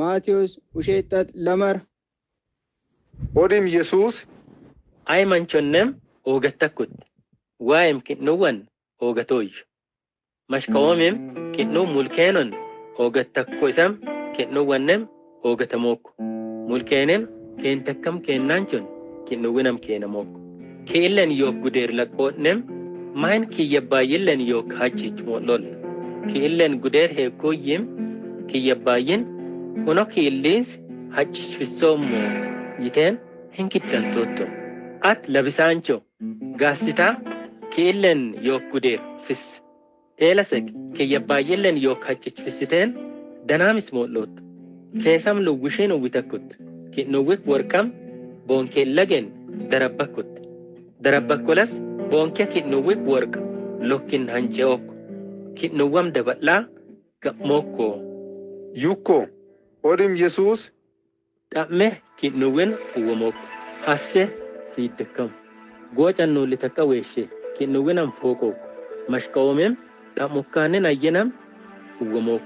ማቴዎስ ውሼጠት ለመር ኦዲም ኢየሱስ አይ መንቾነም ኦገተኩት ዋይም ኪንወን ኦገቶይ መሽከወምም ኪኑ ሙልኬኖን ኦገተኮ ኢሰም ኪንወነም ኦገተሞኩ ሙልኬንም ኬንተከም ኬናንቾን ኪንውነም ኬነሞኩ ኬለን ዮክ ለቆንም ማይን ኪየባይለን ዮክ ሀጭች ሞሎል ኬለን ጉዴር ሄኮይም ኪየባይን Unoki illiis hachichi fissoommoo yiten hin kittaltootton. At labisancho gasita fis. ke yok labisaancho gaasitaa kiilleen yook gudeer fis. Eelasek kiyyabbaayilleen yook hachichi fissiteen danaamis moodhoot. Keessam lowwishiin uwwitakkutti. Ki'nowwik worqam boonkeellagen darabbakkutti. Darabbakkolas boonke ki'nowwik worqa lokkin hance'ookko. Ki'nowwam dabal'aa ga'mookko. Yuko. Horim Yesuus xapmee kidhuwwan uwwamok hasse siittekkam goocannolli takka weeshshe kidhuwwinan fooqok mashqawomeem xammukkaannen ayyenam uwwamok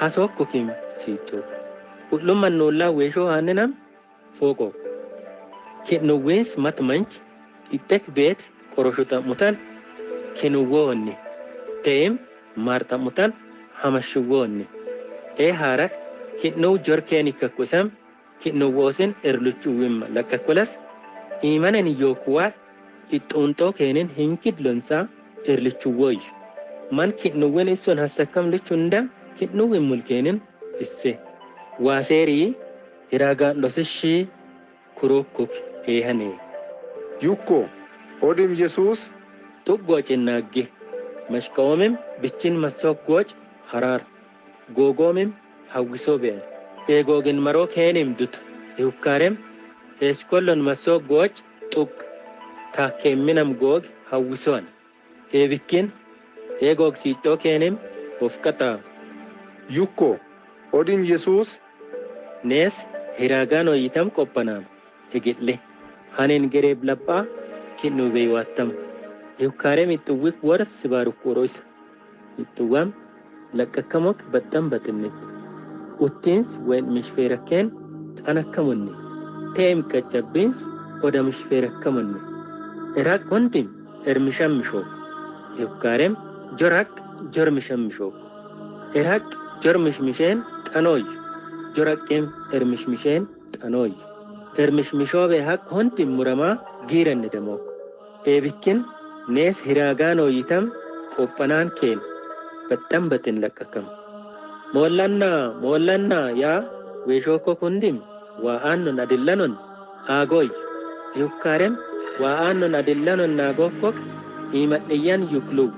hasokko kim siittok udhummannollaa weeshoo haannenam fooqok kidhuwwins matmanch ittek beet qorosho xammutan kinuwwoonni te'im maar xammutan hamashshuwwoonni ee haarak hidhuu jorkeen kakkusam hidhuu woosin irluchuwimma lakkakkulas imanan yookuwaa hixuunxoo keenin hinkidlonsaa irlichuwoyyu man kidhuwin isson hassakam lichunda kidhuwin mulkeenin isse waaseerii hiraagaan dhosishii kurukkuk heehanee yukko odim yesuus xuggoocinaaggi mashkawoomim bichin masoggooc haraar googoomim hawwisoo ba'an eegoogen maroo keenim duta hiwukkaarem eesikollon massoo gooc xuq ta keemminam goog hawwisoan eebikkin eegoog siixoo keenim of qaxaa yukko odin yesuus nees hiraagaan hoyyitam qophanaam higidhe hanen gereeb laph'aa kinnu beeywaattam hiwukkaarem ixuwwik wora sibaaruk oroisa ixuwwam laqqakkamok baxxam baxinnet ውቴንስ ወን ምሽፌረከን ጠነከሙኒ ቴም ቀጨብንስ ወደ ምሽፌረከሙኒ እራቅ ወንድም እርምሸምሾ ይጋሬም ጆራቅ ጆርምሸምሾ እራቅ ጆርምሽምሼን ጠኖይ ጆራቄም እርምሽምሼን ጠኖይ እርምሽምሾ በሃቅ ወንድም ሙረማ ጊረን ደሞክ ኤብኪን ኔስ ሂራጋኖይተም ቆጰናን ኬን በጠም በጥን ለቀከም moollannaa moolannaa yaa weeshokko kundin waa aannon adillanon haagoy yukkaarem waa aannon adillanon naagokok imadhiyyan yukluw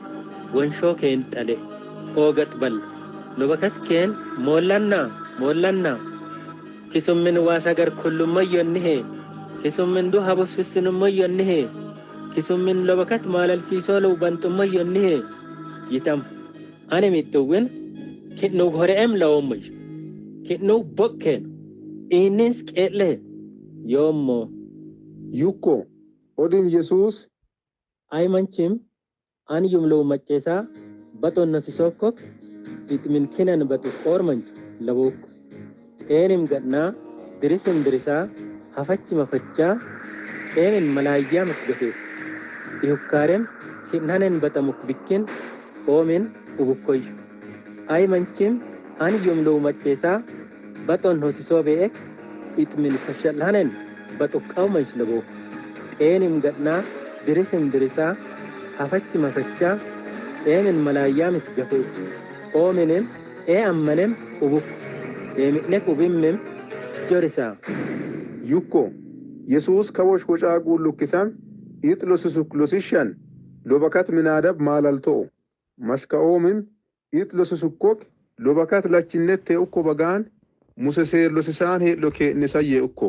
wonshoo keen xale hoogat bal nobakas keen moolannaa moolannaa kisummin waa sagar kullummayyonnihe kisummin du habus fissinummayyonnihe kisummin lobakat maalalsiisoo lubantummayyonnihe yitam ani mittuwwin em la lawommaj. Kidnoo bokkeen. Innis qeellee yoommoo. Yukko odin Yesuus. manchim ani yumlou macceesaa batonna sisokkok bitmin kinan batu qormanchu labuuk. Qeenim gadnaa dirisim dirisa hafachi mafachaa qeenin malaayyaa masgafeef. Iyukkaarem kidnanen batamuk bikkin oomin ubukkoyyu. አይ መንችም አንዮም ለው መቼሳ በጦን ሆሲሶ ቤኤክ ኢጥሚን ሰሸልሃነን በጡቃው መንች ለቦ ጤንም ገድና ድርስም ድርሳ ሀፈች መፈቻ ኤምን መላያ ምስገፉ ኦምንም ኤ አመንም ኡቡፍ የሚቅነቅ ኡብምም ጆርሳ ዩኮ የሱስ ከቦሽ ወጫ ጉሉኪሳም ይጥሎስሱክሎሲሻን ሎበከት ምናደብ ማላልቶ መስከኦምም it losusukkok lobakat lachinet te ukko bagaan museseer losisaan heedho keennisa yee ukko